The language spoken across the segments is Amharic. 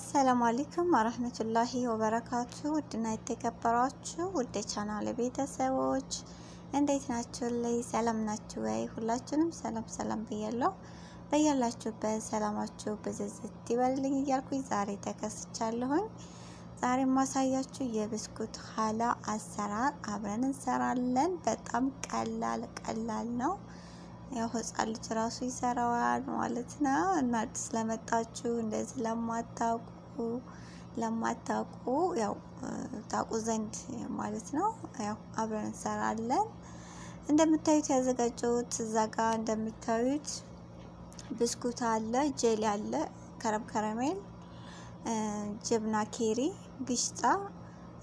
አሰላሙ አለይኩም ወረህመቱላሂ ወበረካቱ። ውድና የተከበሯችሁ ውድ ቻናል ቤተሰቦች እንዴት ናችሁ? ላይ ሰላም ናችሁ ወይ? ሁላችሁንም ሰላም ሰላም ብያለሁ። በያላችሁበት ሰላማችሁ ብዝዝት ይበልልኝ እያልኩኝ ዛሬ ተከስቻለሁኝ። ዛሬ ማሳያችሁ የብስኩት ሀላ አሰራር አብረን እንሰራለን። በጣም ቀላል ቀላል ነው። ያው ህፃን ልጅ ራሱ ይሰራዋል ማለት ነው። እና አዲስ ለመጣችሁ እንደዚህ ለማታውቁ ለማታውቁ ያው ታውቁ ዘንድ ማለት ነው። ያው አብረን እንሰራለን። እንደምታዩት ያዘጋጀሁት እዛ ጋር እንደምታዩት ብስኩት አለ፣ ጄሊ አለ፣ ከረም ከረሜል፣ ጀብና ኬሪ፣ ግሽጣ።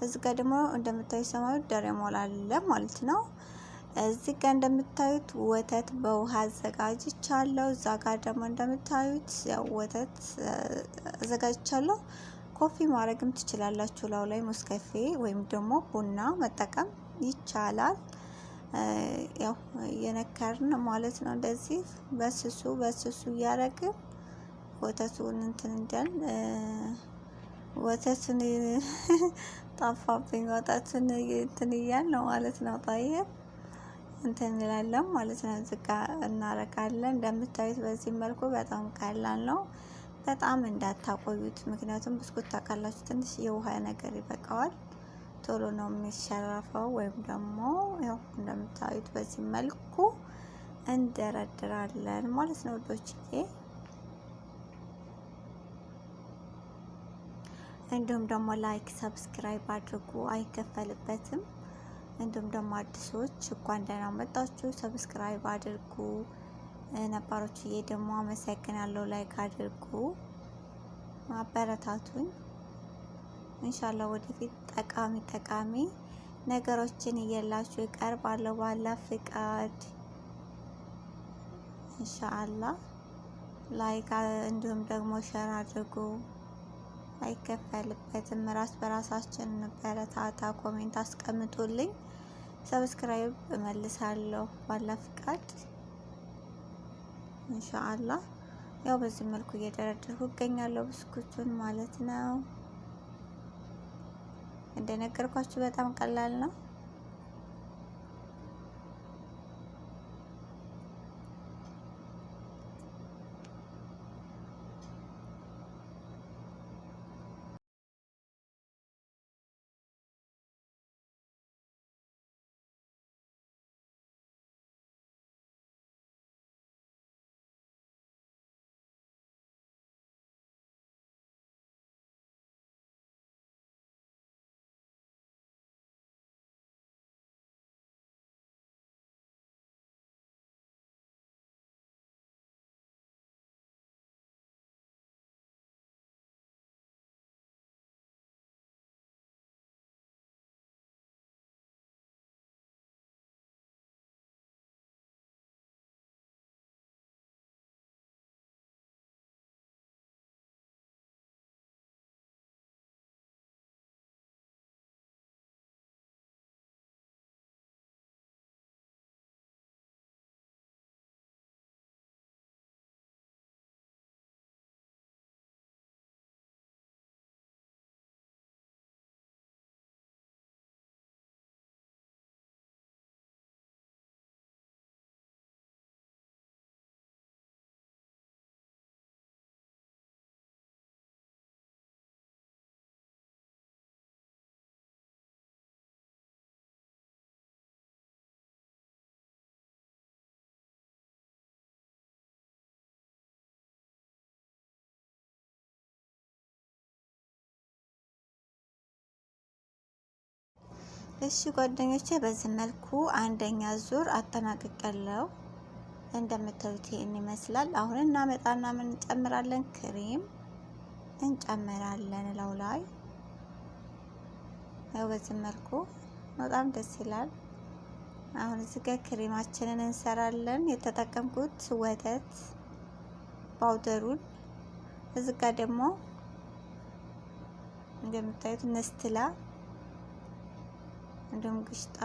እዚህ ጋር ደግሞ እንደምታዩት ሰማዩ ደሬሞላ አለ ማለት ነው። እዚህ ጋር እንደምታዩት ወተት በውሃ አዘጋጅቻለሁ። እዛ ጋር ደግሞ እንደምታዩት ወተት አዘጋጅቻለሁ። ኮፊ ማድረግም ትችላላችሁ። ላው ላይ ሞስከፌ ወይም ደግሞ ቡና መጠቀም ይቻላል። ያው የነከርን ማለት ነው። እንደዚህ በስሱ በስሱ እያደረግን ወተቱን እንትን እንዲያል ወተቱን ጣፋብኝ ወጣትን እንትን እያል ነው ማለት ነው። ጣይር እንትን እንላለን ማለት ነው። ዝጋ እናረጋለን። እንደምታዩት በዚህ መልኩ በጣም ቀላል ነው። በጣም እንዳታቆዩት፣ ምክንያቱም ብስኩት ታውቃላችሁ ትንሽ የውሃ ነገር ይበቃዋል። ቶሎ ነው የሚሸረፈው። ወይም ደግሞ ያው እንደምታዩት በዚህ መልኩ እንደረድራለን ማለት ነው ውዶችዬ። እንዲሁም ደግሞ ላይክ ሰብስክራይብ አድርጉ፣ አይከፈልበትም። እንዲሁም ደግሞ አዲሶች እንኳን ደህና መጣችሁ፣ ሰብስክራይብ አድርጉ። ነባሮች ነባሮችዬ ደግሞ አመሰግናለሁ፣ ላይክ አድርጉ፣ አበረታቱኝ። እንሻላ ወደፊት ጠቃሚ ጠቃሚ ነገሮችን እየላችሁ ይቀርባለሁ ባላ ፍቃድ እንሻአላ። ላይክ እንዲሁም ደግሞ ሸር አድርጉ፣ አይከፈልበትም። ራስ በራሳችን በረታታ። ኮሜንት አስቀምጡልኝ። ሰብስክራይብ እመልሳለሁ ባላ ፍቃድ ኢንሻአላህ። ያው በዚህ መልኩ እየደረደርኩ እገኛለሁ ብስኩቱን ማለት ነው። እንደነገርኳችሁ በጣም ቀላል ነው። እሺ ጓደኞቼ በዚህ መልኩ አንደኛ ዙር አጠናቅቀለው። እንደምታዩት ይሄን ይመስላል። አሁን እናመጣና ምን እንጨምራለን? ክሬም እንጨምራለን እላው ላይ ያው በዚህ መልኩ በጣም ደስ ይላል። አሁን እዚህ ጋር ክሬማችንን እንሰራለን። የተጠቀምኩት ወተት ፓውደሩን እዚህ ጋር ደግሞ እንደምታዩት ነስትላ እንዲሁም ግሽጣ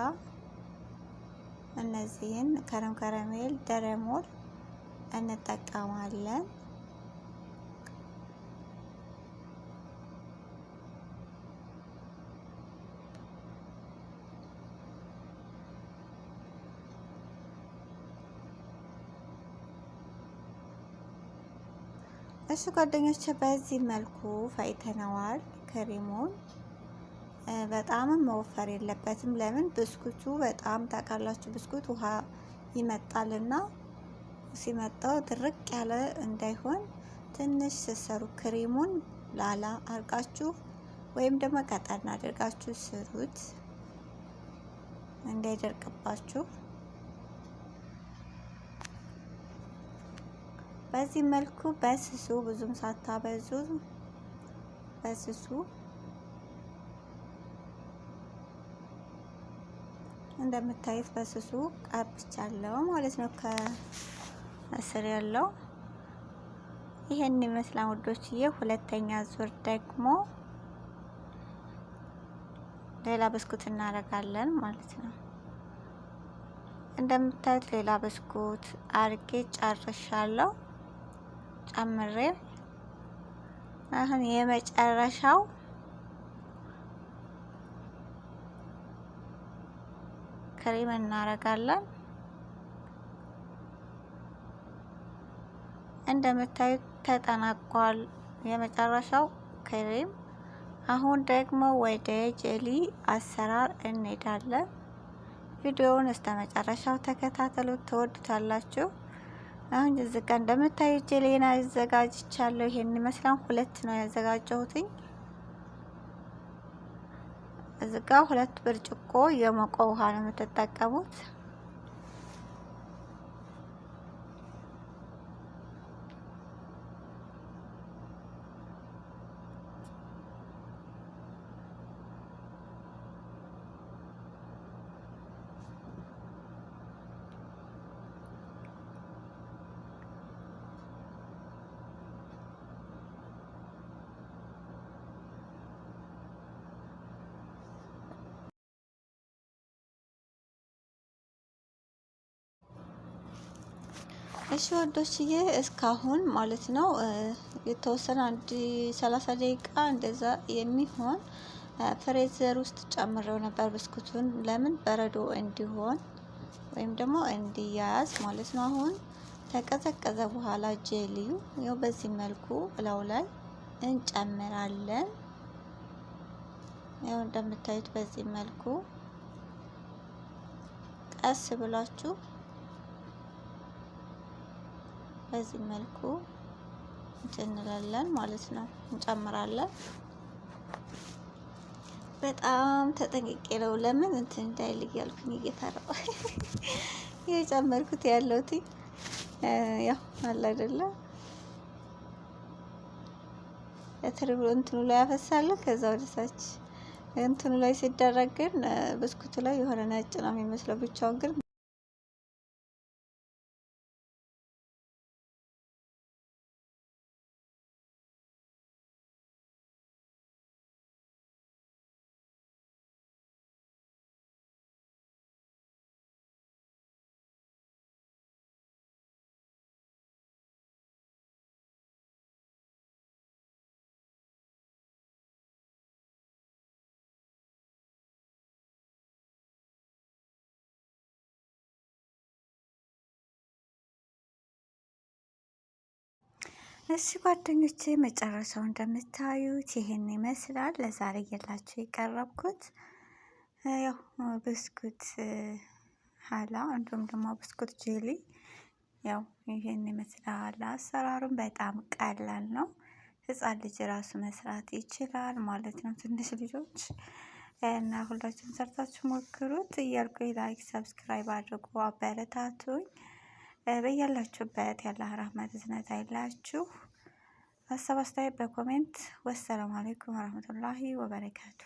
እነዚህን ከረም ከረሜል ደረሞል እንጠቀማለን። እሱ ጓደኞች በዚህ መልኩ ፈይተነዋል ክሬሙን። በጣምም መወፈር የለበትም። ለምን ብስኩቱ በጣም ታውቃላችሁ፣ ብስኩት ውሃ ይመጣልና ሲመጣው ድርቅ ያለ እንዳይሆን ትንሽ ስሰሩ ክሬሙን ላላ አርጋችሁ ወይም ደግሞ ቀጠን አድርጋችሁ ስሩት እንዳይደርቅባችሁ። በዚህ መልኩ በስሱ ብዙም ሳታበዙ በስሱ እንደምታዩት በስሱ ቀብቻለሁ ማለት ነው። ከስር ያለው ይሄን ይመስላል ውዶችዬ። ሁለተኛ ዙር ደግሞ ሌላ ብስኩት እናደርጋለን ማለት ነው። እንደምታዩት ሌላ ብስኩት አርጌ ጨርሻለሁ ጨምሬ አሁን የመጨረሻው ክሬም እናረጋለን። እንደምታዩት ተጠናቋል የመጨረሻው ክሬም። አሁን ደግሞ ወደ ጀሊ አሰራር እንሄዳለን። ቪዲዮውን እስከ መጨረሻው ተከታተሉ፣ ትወዱታላችሁ። አሁን እዚህ ጋር እንደምታዩት ጀሌና አዘጋጅቻለሁ። ይሄን ይመስላል። ሁለት ነው ያዘጋጀሁትኝ። እዚጋ ሁለት ብርጭቆ የሞቀ ውሃ ነው የምትጠቀሙት። እሺ ወዶችዬ እስካሁን ማለት ነው የተወሰነ አንድ ሰላሳ ደቂቃ እንደዛ የሚሆን ፍሬዘር ውስጥ ጨምረው ነበር ብስኩቱን። ለምን በረዶ እንዲሆን ወይም ደግሞ እንዲያያዝ ማለት ነው። አሁን ተቀዘቀዘ በኋላ ጄሊዩ ይኸው በዚህ መልኩ እላው ላይ እንጨምራለን። ይኸው እንደምታዩት በዚህ መልኩ ቀስ ብላችሁ በዚህ መልኩ እንጭንላለን ማለት ነው፣ እንጨምራለን። በጣም ተጠንቅቄ ነው። ለምን እንትን እንዳይል እያልኩኝ እየተረው የጨመርኩት ያለሁት ያው አለ አይደለ ብሎ እንትኑ ላይ ያፈሳለን። ከዛ ወደ ታች እንትኑ ላይ ሲደረግ ግን ብስኩቱ ላይ የሆነ ነጭ ነው የሚመስለው ብቻውን ግን እሺ ጓደኞቼ መጨረሻው እንደምታዩት ይሄን ይመስላል። ለዛሬ እየላችሁ የቀረብኩት ያው ብስኩት ሀላ እንዲሁም ደግሞ ብስኩት ጄሊ ያው ይሄን ይመስላል። አሰራሩም በጣም ቀላል ነው። ህፃን ልጅ ራሱ መስራት ይችላል ማለት ነው። ትንሽ ልጆች እና ሁላችሁም ሰርታችሁ ሞክሩት እያልኩ ላይክ ሰብስክራይብ አድርጉ፣ አበረታቱኝ። በያላችሁበት ያለ ረህመት እዝነት አይላችሁ። ሀሳብ አስተያየት በኮሜንት ወሰላሙ አሌይኩም ወረህመቱላሂ ወበረካቱ።